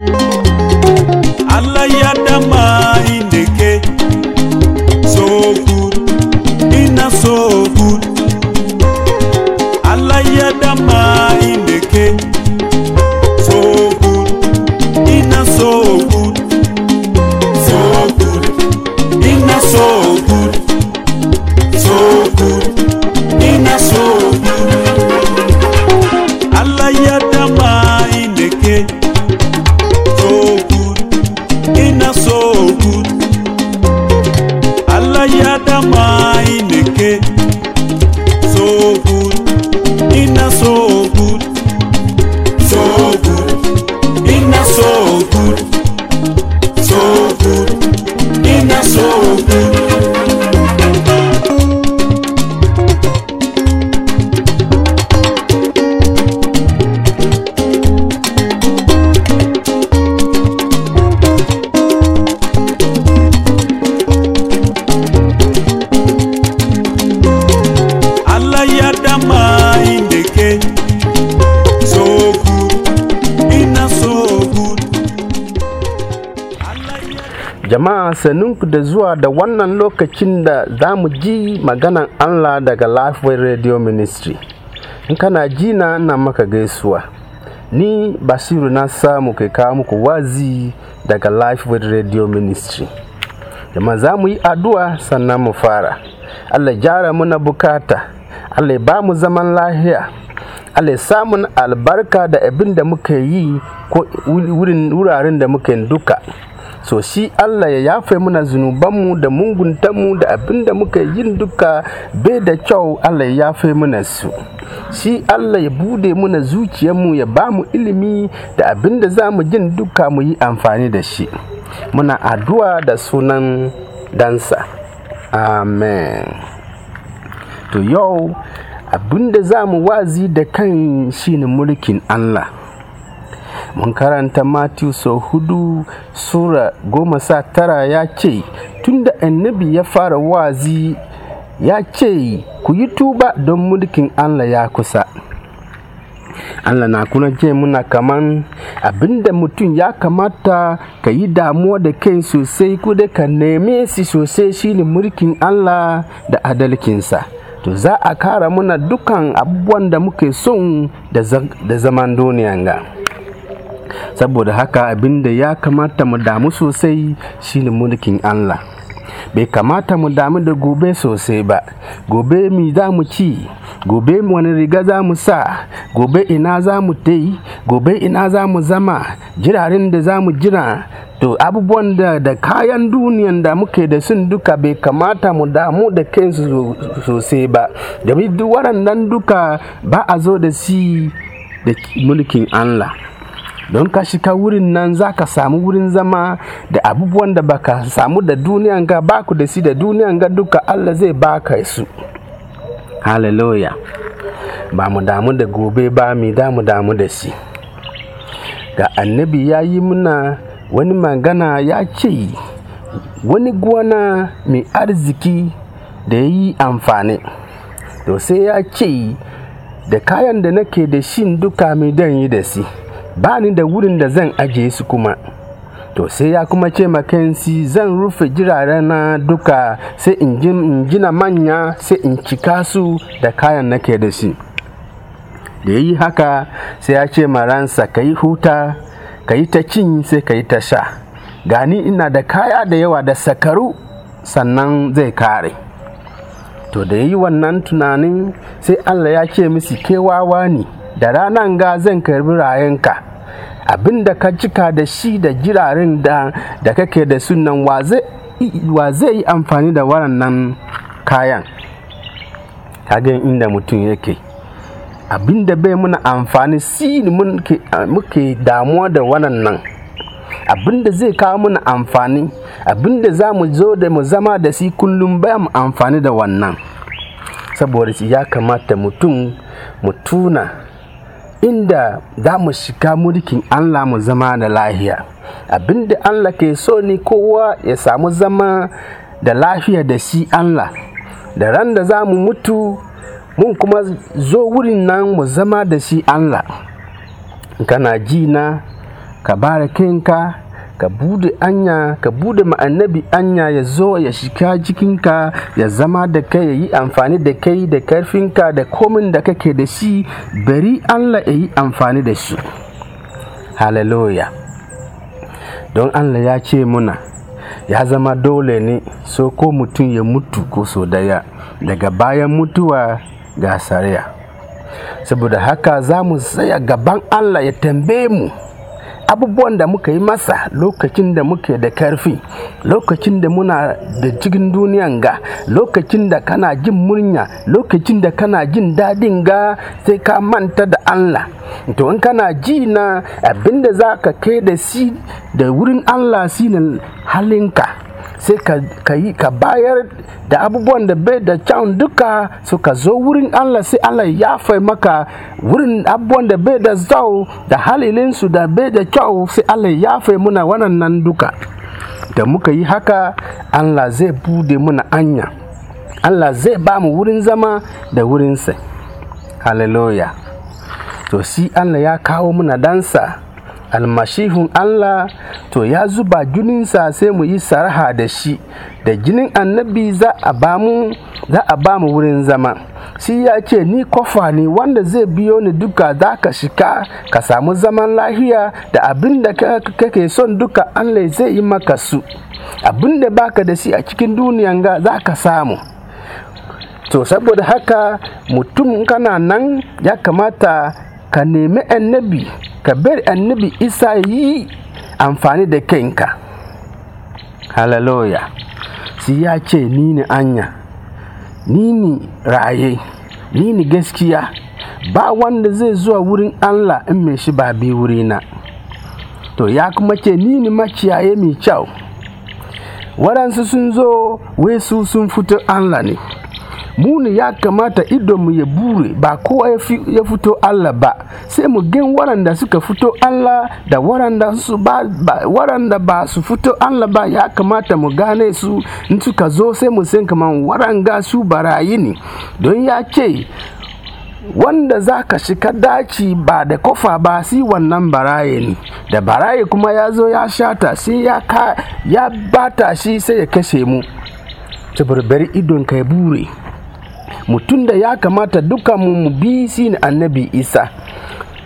you jama'a da zuwa da wannan lokacin da za mu ji maganan Allah daga Lifeway Radio Ministry. In kana ji na na maka gaisuwa. Ni Basiru na samu kai kawo muku wazi daga Lifeway Radio Ministry. Jama'a za mu yi addu'a sannan mu fara. Allah jara muna bukata. Allah ba mu zaman lahiya. Allah samun albarka da abin da muka yi ko wuraren da muke duka. so shi Allah ya yafe muna mu da muguntanmu da abin da muka yin duka bai da kyau Allah ya yafe muna su shi Allah ya bude muna zuciyarmu ya ba mu ilimi da abin da za mu jin duka mu yi amfani da shi muna addu'a da sunan dansa amen to yau abin da za mu wazi da kan shine mulkin Allah mun karanta matthew sau hudu sura goma sa tara ya ce tunda annabi ya fara wazi ya ce ku yi tuba don mulkin allah ya kusa Allah na kuna ce muna kaman abinda mutum ya kamata ka yi damuwa da kai sosai ku da ka neme shi sosai shine mulkin Allah da adalcinsa. To za a kara muna dukan abubuwan da muke son da zaman duniyan ga. saboda haka abinda ya kamata mu damu sosai shine mulkin Allah bai kamata mu damu da gobe sosai ba gobe mi za mu ci gobe wani riga za mu sa gobe ina za mu tai gobe ina za mu zama jirarin da za mu jira to abubuwan da da kayan duniyan da muke da sun duka bai kamata mu damu da kansu sosai ba domin duk waɗannan duka ba a zo da si da mulkin Allah don ka shiga wurin nan za ka samu wurin zama da abubuwan da baka samu da duniyan ga baku ku da si da duniyan ga duka Allah zai baka su hallelujah ba mu damu da gobe ba mu damu damu da shi ga annabi ya yi muna wani magana ya ce wani gona mai arziki da ya yi amfani to sai ya ce da kayan da nake da shin duka mai dan yi da si ba ni da wurin da zan ajiye su kuma to sai ya kuma ce makensi zan rufe jirare na duka sai in gina manya sai in cika su da kayan nake da shi da yi haka sai ya ce maransa ka yi huta ka yi ta cin sai ka yi ta sha gani ina da kaya da yawa da sakaru sannan zai kare to da yi wannan tunanin sai allah ya ce misi kewawa ne da ranan ga zan karbi rayanka abin da ka cika da shi da jirarin da, da kake da sunan wa zai yi amfani da waɗannan kayan kagan inda mutum yake abin da bai muna amfani si muke damuwa da waɗannan abin da zai kawo muna amfani abin da za mu zo da mu zama da si kullum ba mu amfani da wannan saboda ya kamata mutum mu inda za mu shiga mulkin Allah mu zama da lahiya abinda Allah ke so ne kowa ya samu zama da lafiya da shi Allah da ran da za mu mutu mun kuma zo wurin nan mu zama da shi Allah kana ji na ka barakinka ka bude anya ka bude ma annabi anya ya zo ya shiga jikinka ya zama da kai ya yi amfani da kai da karfinka da komin da kake da shi bari Allah ya yi amfani da shi hallelujah don Allah ya ce muna ya zama dole ne so ko mutum ya mutu ko so daya daga bayan mutuwa ga sariya saboda haka za mu tsaya gaban Allah ya tambaye mu abubuwan da muka yi masa lokacin da muke da karfi lokacin da muna da cikin duniyan ga lokacin da kana jin murya lokacin da kana jin dadin ga sai ka manta da allah to in kana ji na abinda za ka kai da si da wurin allah shine halinka sai ka yi ka bayar da abubuwan da bai da kyau duka ka zo wurin Allah sai Allah ya fai maka wurin abubuwan da bai da zau da halilinsu da bai da kyau sai Allah ya fai muna wannan duka da muka yi haka Allah zai bude muna anya Allah zai ba mu wurin zama da wurinsa hallelujah to shi Allah ya kawo muna dansa almashihun Allah to ya zuba jininsa sai mu yi saraha da shi da jinin annabi za a ba mu za a ba mu wurin zama shi ya ce ni kofa ne wanda zai biyo ni duka za ka shika ka samu zaman lahiya da abin da kake son duka Allah zai yi maka su abin da baka da shi a cikin duniyan ga za ka samu to saboda haka mutum kana nan ya kamata ka nemi annabi ka bari annabi isa yi amfani da kanka hallelujah si ya ce ni ne anya ni ne raye ni ne gaskiya ba wanda zai zuwa wurin allah in mai shi ba bi wuri na to ya kuma ce ni ne maciyaye mai kyau waɗansu sun zo wai su sun fito allah ne mu ne ya kamata mu ya bure ba kowa ya fito Allah ba sai mu gan waranda suka fito Allah da waranda ba su fito Allah ba ya kamata mu gane su in suka zo sai mu san kaman waranga su barayi ne don ya ce wanda za ka shiga daci ba da kofa ba si wannan baraye ne da baraye kuma ya zo ya shata sai ya, ya bata shi sai ya kashe mu tabarbari idon ka ya bure mutum da ya kamata duka mu bi shi annabi isa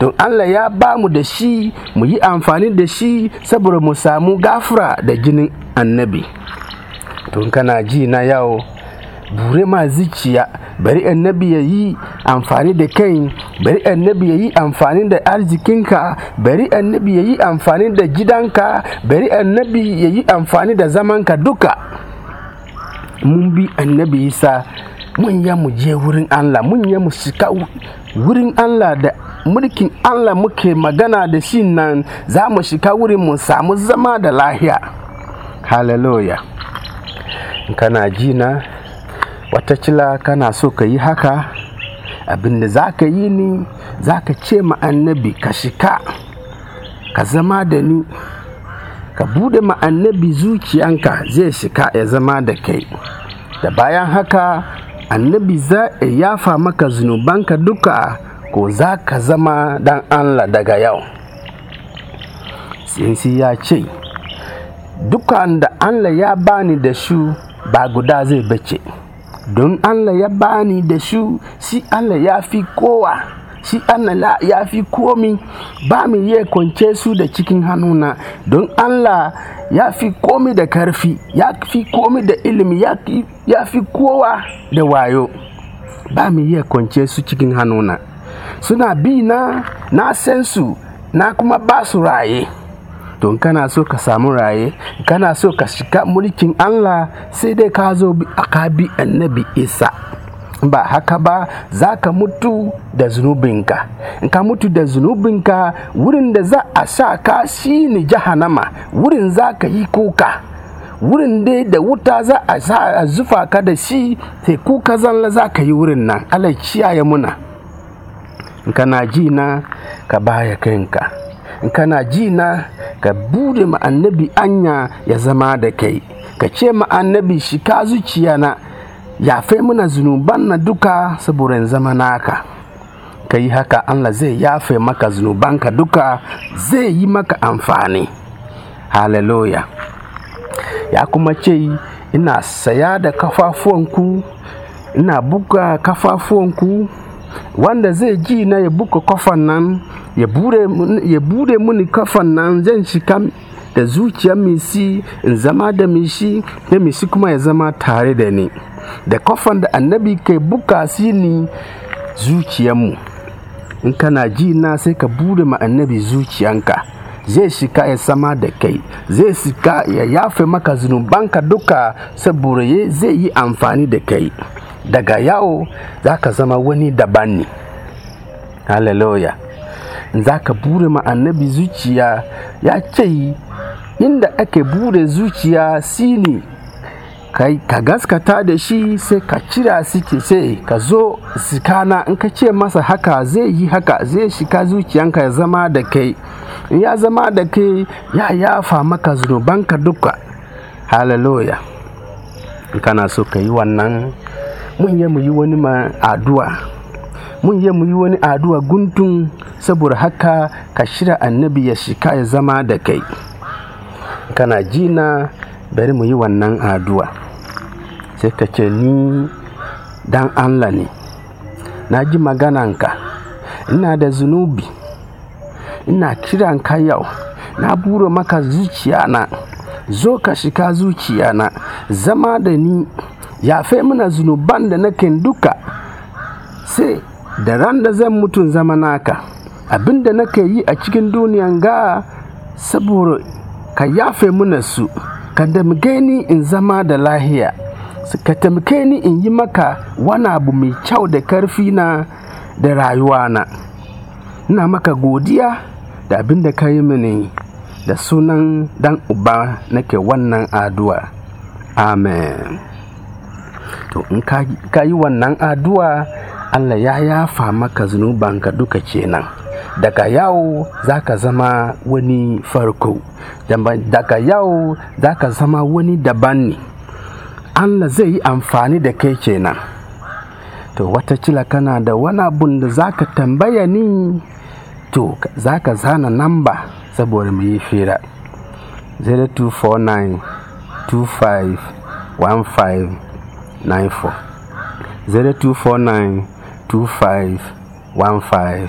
don allah ya ba mu da shi mu yi amfani da shi saboda mu samu gafura da jinin annabi don kana ji na yawo bure ma zuciya bari annabi ya yi amfani da kai bari annabi ya yi amfani da arzikinka bari annabi ya yi amfani da gidanka bari annabi ya yi amfani da zamanka duka mun bi annabi isa mun ya mu je wurin Allah mun ya mu shika wurin Allah da mulkin Allah muke magana da shi nan za mu shika wurin mu samu zama da lahiya hallelujah kana ji na wata cila kana so ka yi haka abinda za ka yi ni za ka ce ma annabi ka shika ka zama da ni ka bude ma annabi zuciyanka zai shika ya zama da kai da bayan haka annabi za a yafa maka zunubanka duka ko za ka zama dan Allah daga yau sinsi ya ce dukan da Allah ya bani da shu ba guda zai bace don Allah ya bani da shu si Allah ya fi kowa shi Allah ya fi komi ba mu iya kwance su da cikin hannuna don Allah ya fi komi da karfi ya fi komi da ilimi ya fi kowa da wayo ba mu iya kwance su cikin hannuna suna bi na na san na kuma ba su raye don kana so ka samu raye kana so ka shiga mulkin Allah sai dai ka zo bi annabi Isa ba haka ba za ka mutu da zunubinka in ka mutu da zunubinka wurin da za a sa ka shi ne jahanama wurin za ka yi kuka wurin dai da wuta za a zufa ka da shi sai kuka zalla za ka yi wurin nan alai ciyaye muna in kana ji na ka baya kanka in kana ji na ka bude ma anya ya zama da kai ka ce ma annabi shi ka zuciya na yafe mana zunuban na duka saboda zama naka ka yi haka Allah zai yafe maka zunubanka duka zai yi maka amfani hallelujah ya kuma ce ina saya da kafafuwanku ina buga kafafuwanku wanda zai ji na ya buga kafan nan ya bude mini kafan nan zan shiga da zuciyar misi in zama da mishi da misi kuma ya zama tare da ni da kofan da annabi kai buka si ni zuciyarmu in kana ji na sai ka bude ma annabi zuciyanka zai shika ya sama da kai zai shika ya yafe maka zunubanka duka saboda zai yi amfani da kai daga yawo za ka zama wani daban ne hallelujah za ka bure ma annabi zuciya ya ce inda ake bude zuciya shine kai ka gaskata da shi sai ka cira suke sai ka zo sikana in ka ce masa haka zai yi haka zai shika zuciyanka ya zama da kai in ya zama da kai ya yafa maka zunubanka duka hallelujah kana so ka yi wannan mun yi mu wani ma addu'a mun yi mu yi wani addu'a guntun saboda haka ka shira annabi ya shika ya zama da kai kana jina bari mu yi wannan aduwa sai ka ce ni dan Allah ne na ji magananka ina da zunubi ina kiran ka yau na buro maka zuciya na zo ka shika zuciya na zama da ni yafe mana zunuban da nake duka sai da ran da zan mutun zama naka abinda da nake yi a cikin duniyan ga saboda ka yafe muna su ka damge ni in zama da lahiya ka taimake ni in yi maka wani abu mai kyau da karfi na da rayuwa na ina maka godiya da abin da ka yi mini da sunan dan uba nake wannan aduwa amen to in ka yi wannan aduwa allah ya yafa maka zunubanka duka kenan. daga yau za ka zama wani farko daga yau za ka zama wani daban ne allah zai yi amfani da kai kenan to watakila kana da wani abun da za ka tambaya ni to za ka zana namba saboda mu yi fira 0249 25 15 94 0249 25 15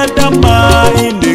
binadamu ini